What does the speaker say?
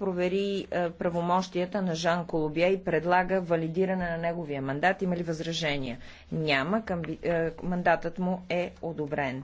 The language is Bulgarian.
провери е, правомощията на Жан Колобия и предлага валидиране на неговия мандат. Има ли възражения? Няма. Е, мандатът му е одобрен.